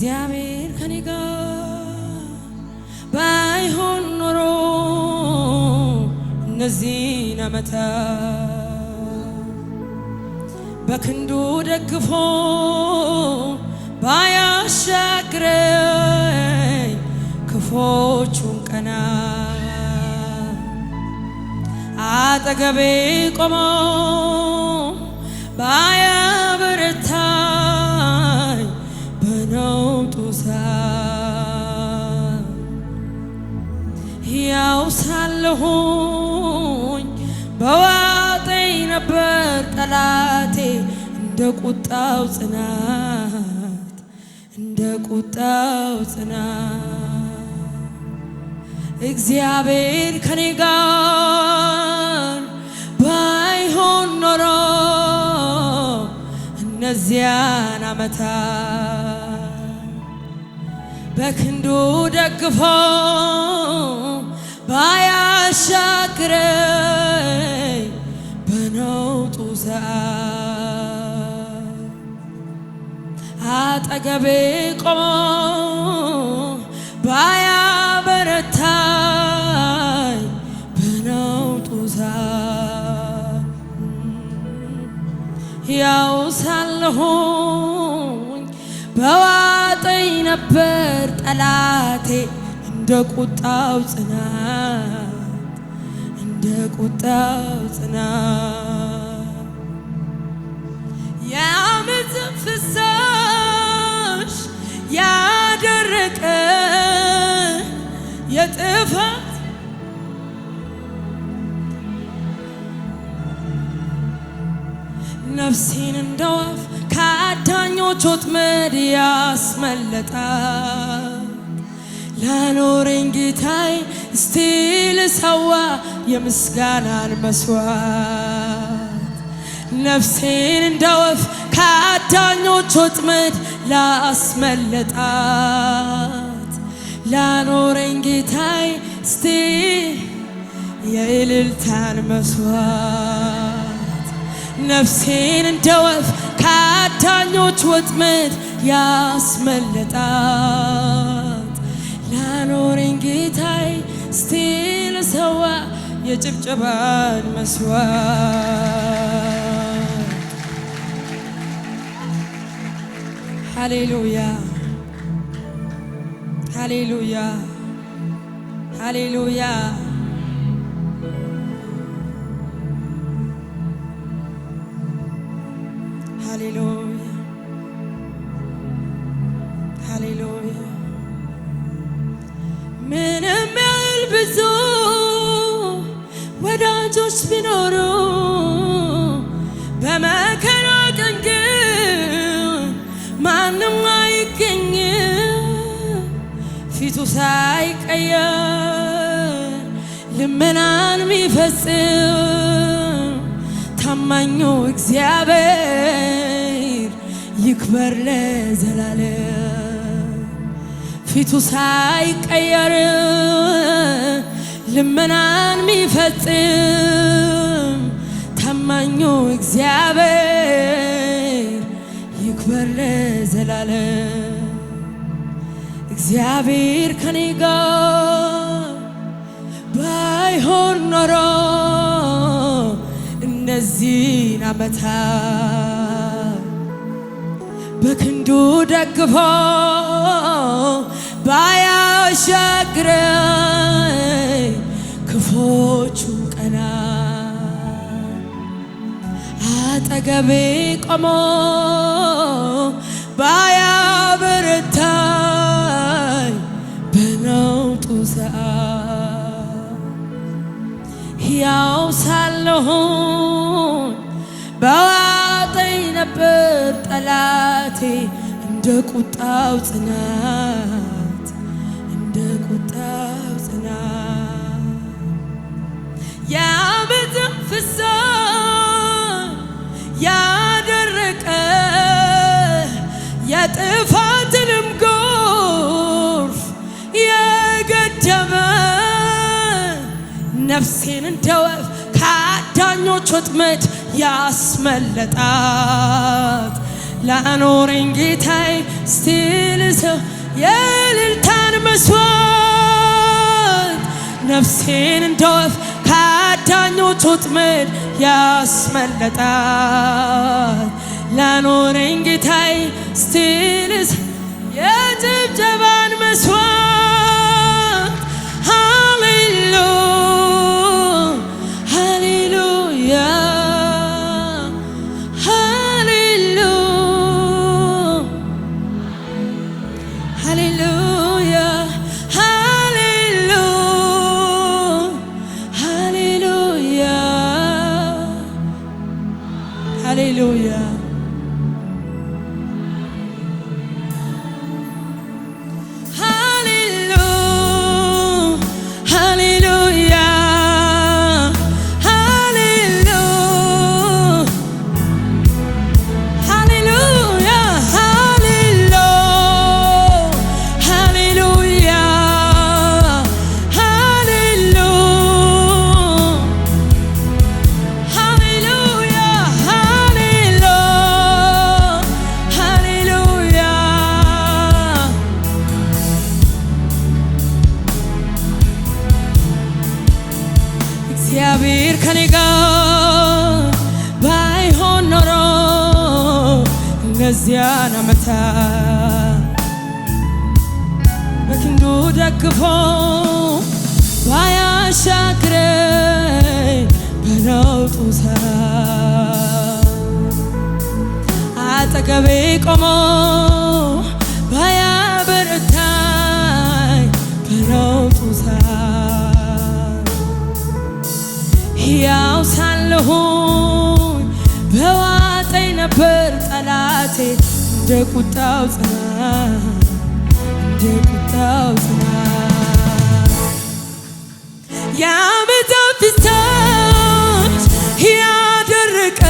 እግዚአብሔር ከኔ ጋር ባይሆን ኖሮ እነዚህን ዓመታት በክንዱ ደግፎ ባያሻግረኝ ክፎቹን ቀና አጠገቤ ቆመው ብቻው ሳለሁኝ በዋጠኝ ነበር ጠላቴ እንደ ቁጣው ጽናት እንደ ቁጣው ጽናት እግዚአብሔር ከኔ ጋር ባይሆን ኖሮ እነዚያን ዓመታት በክንዱ ደግፎ አያሻግረኝ በነውጡ ሰዓት አጠገቤ ቆሞ ባያበረታኝ በነውጡ ሰዓት ያው ሳለሁኝ በዋጠኝ ነበር ጠላቴ እንደ ቁጣው ጽና እንደ ቁጣው ጽናት ፍሳሽ ያደረቀ የጥፋት ነፍሴን እንደ ወፍ ከአዳኞች ወጥመድ ያስመለጣት ላኖረኝ ጌታዬ እስቲ ልሰዋ የምስጋናን መስዋዕት ነፍሴን እንደወፍ ከአዳኞች ወጥመድ ላስመለጣት ላኖረኝ ጌታይ ስቲ የእልልታን መስዋዕት ነፍሴን እንደወፍ ከአዳኞች ወጥመድ ያስመለጣት ላኖረኝ ጌታይ ስቲ ልሰዋ የጭብጨባን መስዋዕት ሃሌሉያ ሃሌሉያ ሃሌሉያ ሃሌሉያ ሃሌሉያ ምንም ያህል ብዙ ቢኖሩ በመከራ ቀን ግን ማንም አይገኝ ፊቱ ሳይቀየር ልመናን ሚፈጽም ታማኙ እግዚአብሔር ይክበር ለዘላለም ፊቱ ሳይቀየር ልመናን ሚፈጽም ታማኙ እግዚአብሔር ይክበር ለዘላለም። እግዚአብሔር ከኔ ጋር ባይሆን ኖሮ እነዚህን ዓመታት በክንዱ ደግፎ ባያ አሻግረኝ ክፎቹ ቀና አጠገቤ ቆሞ ባያበረታኝ በነውጡ ሰዓት ሕያው ሳለሁን በዋጠኝ ነበር ጠላቴ እንደ ቁጣው ጽናት የቁጣው ዝናብ የአመፅ ፍሳሽ ያደረቀ የጥፋትንም ጎርፍ የገደመ ነፍሴን እንደ ወፍ ከአዳኞች ወጥመድ ያስመለጣት ላኖረኝ ጌታዬ ስቲል ሰው የልልታን መስዋዕት ነፍሴን እንደ ወፍ ከአዳኞች ወጥመድ ያስመለጣት ላኖረኝ ጌታዬ እንደ ቁጣው ጽናት እንደ ቁጣው ጽናት የዓመታት ፍሳሽ ያደረቀ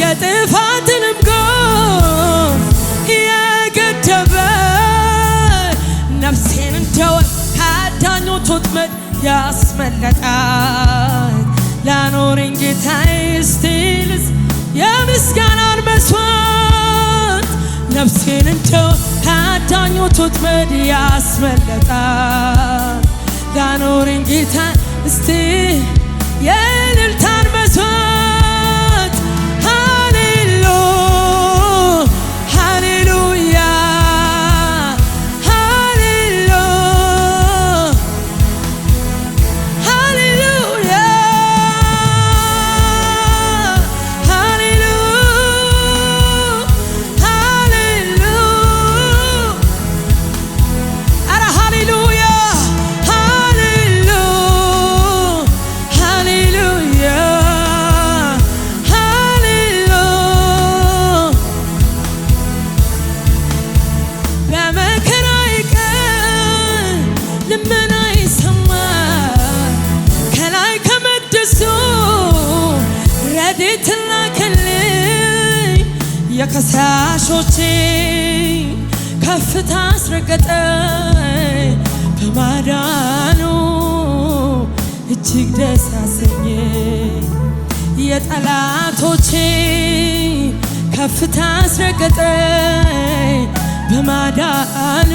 የጥፋትንም ጎርፍ የገደበ ነፍሴን እንደወፍ ከአዳኞች ወጥመድ ያስመለጣት ላኖረኝ ጌታዬ እስቲ የምስጋናን መስዋዕት ነፍሴን እንደው ወጥመድ ያስመለጣል ጌታ እስቲ ከከሳሾቼ ከፍታ አስረገጠኝ በማዳኑ እጅግ ደስ አሰኘ። የጠላቶቼ ከፍታ አስረገጠኝ በማዳኑ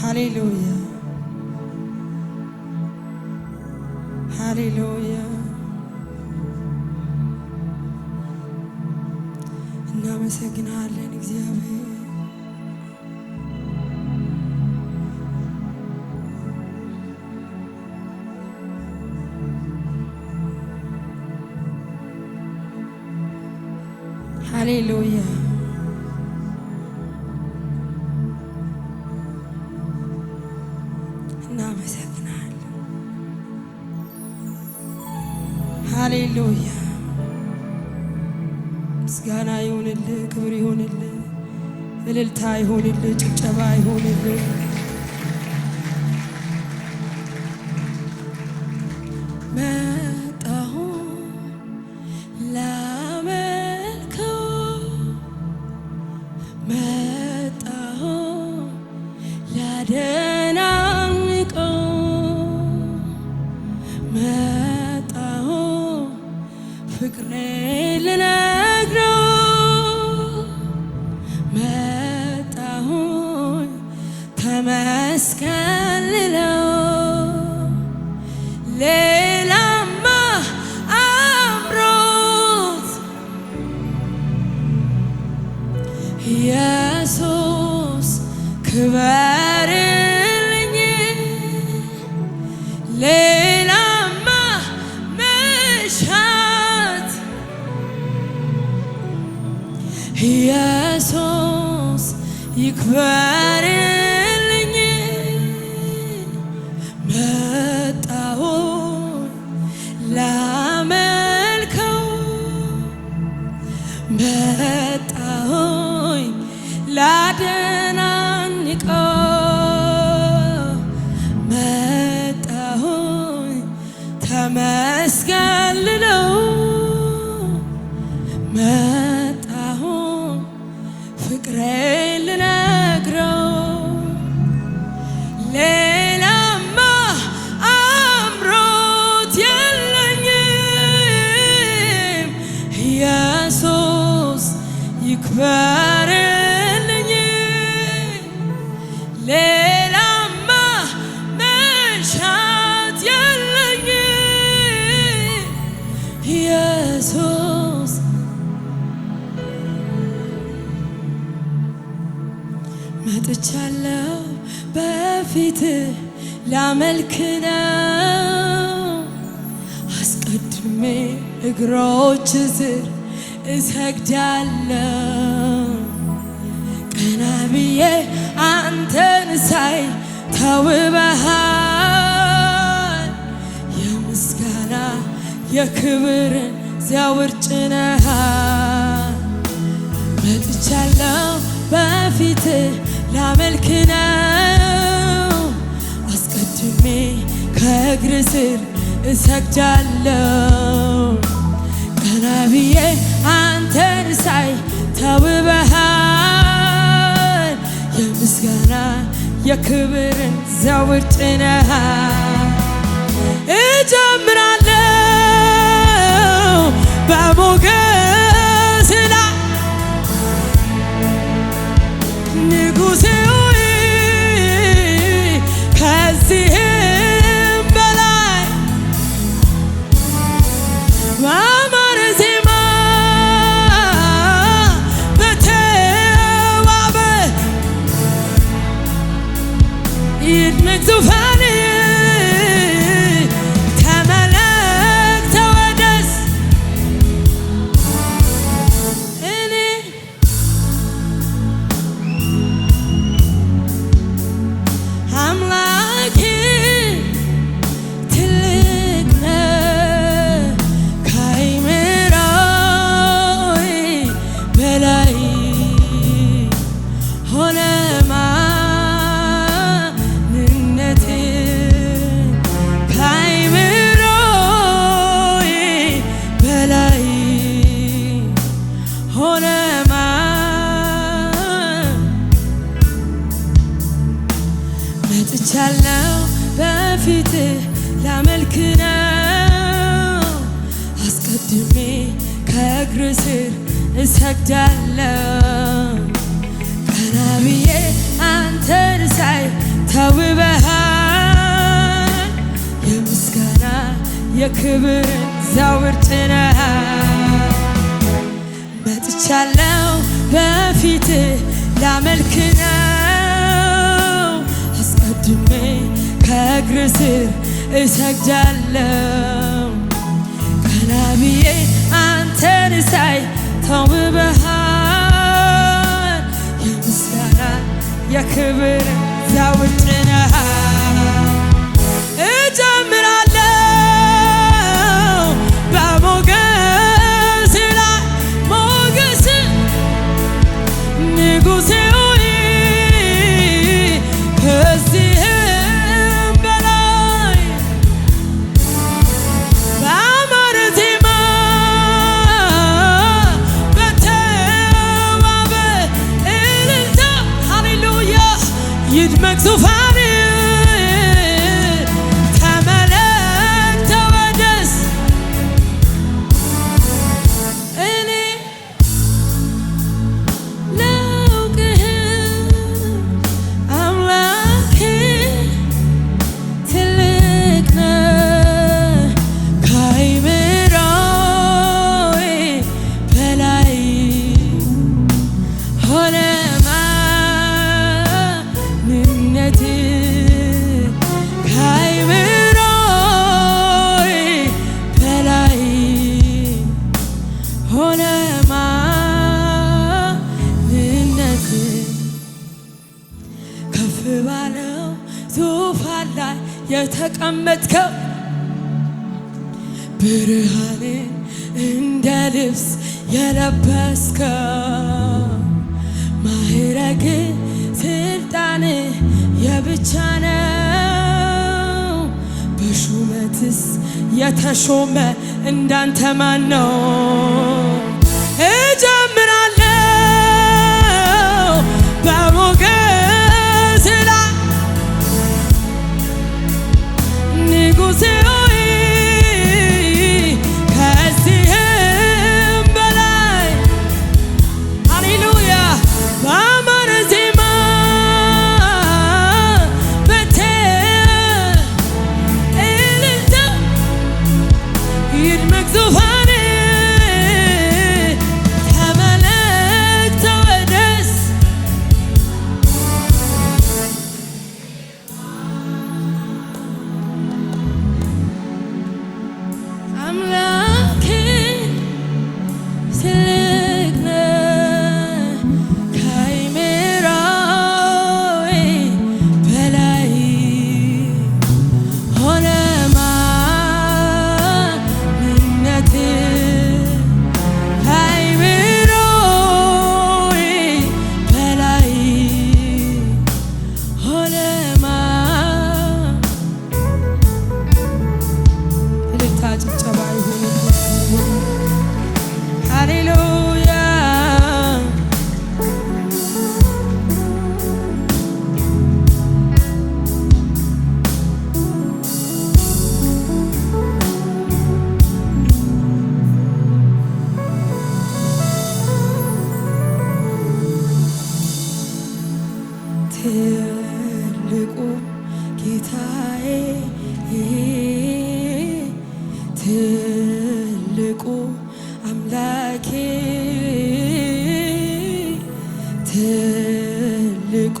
Hallelujah. ሃሌሉያ እናመሰግናለን። ሃሌሉያ ምስጋና ይሁንልህ፣ ክብር ይሁንልህ፣ እልልታ ይሁንልህ፣ ጭብጨባ ይሁንልህ። cry እግሮች ስር እሰግዳለሁ ቀና ብዬ አንተን ሳይ ተውበሃል የምስጋና የክብርን ዚያውር ጭነሃል መጥቻለሁ በፊት ላመልክነው አስቀድሜ ከእግር ስር እሰግዳለሁ ነቢዬ አንተን ሳይ ተውበሃል የምስጋና የክብርን ዘውድ ጭነሃል። እጀምራለሁ በሞገስ መጥቻለሁ በፊት ላመልክ ነው። አስቀድሜ ከእግር ስር እሰግዳለሁ። ቀና ብዬ አንተን ሳይ ተውበሃል የምስጋና የክብር ዛውድ do ሆነ ማንነት ከፍ ባለው ዙፋን ላይ የተቀመጥከው ብርሃንን እንደ ልብስ የለበስከው ማዕረግ ስልጣን የብቻ ነው በሹመትስ የተሾመ እንዳንተ ማን ነው? 믿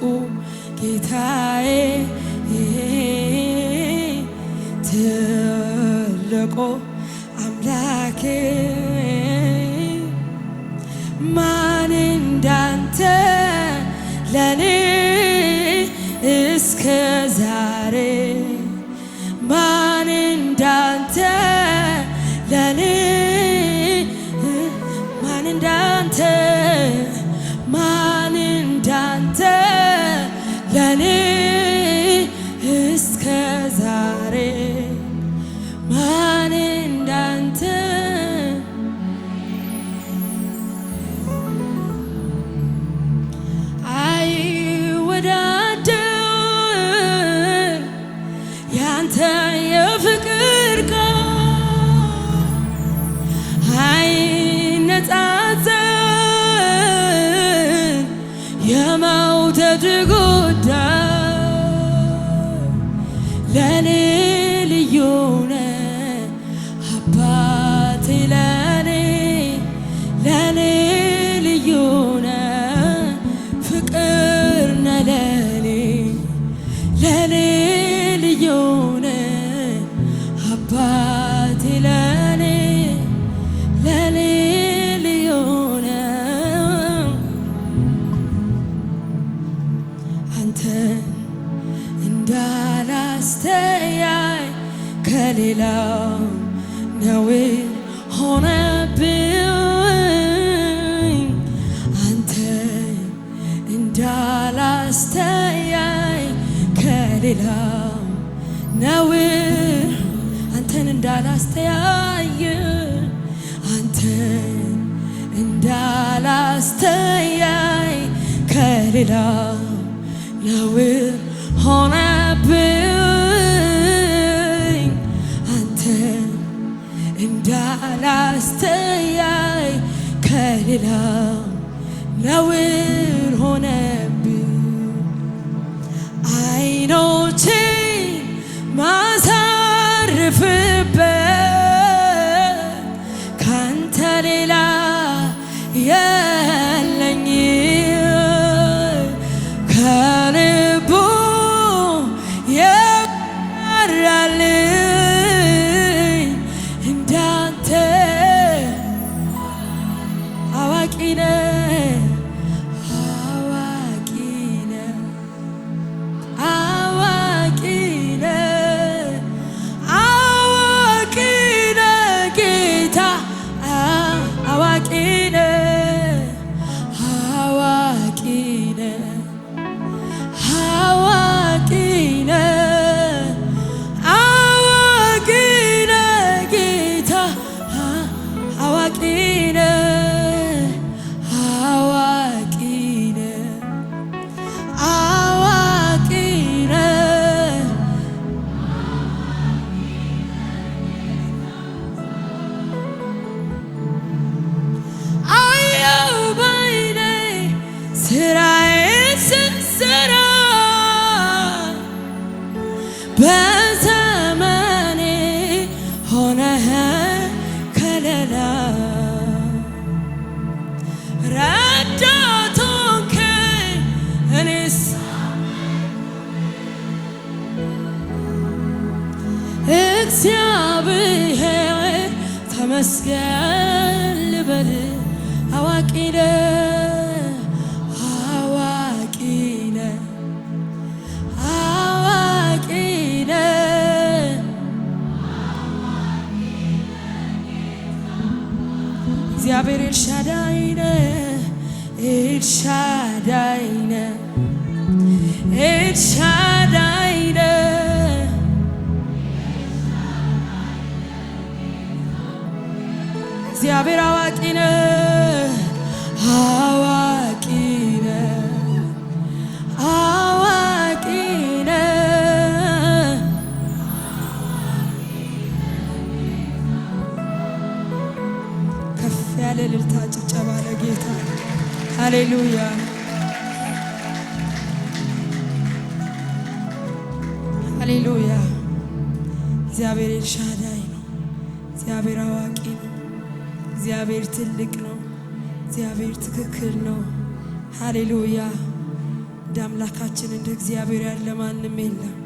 기타에 ለሌላው ነውር ሆነብኝ አይኖ ተመስገን ልበል አዋቂ ነው ያለ ልልታ ጭብጨባ ለጌታ ሃሌሉያ። ሃሌሉያ። እግዚአብሔር ኤልሻዳይ ነው። እግዚአብሔር አዋ እግዚአብሔር ትልቅ ነው። እግዚአብሔር ትክክል ነው። ሃሌሉያ። እንደ አምላካችን እንደ እግዚአብሔር ያለ ማንም የለም።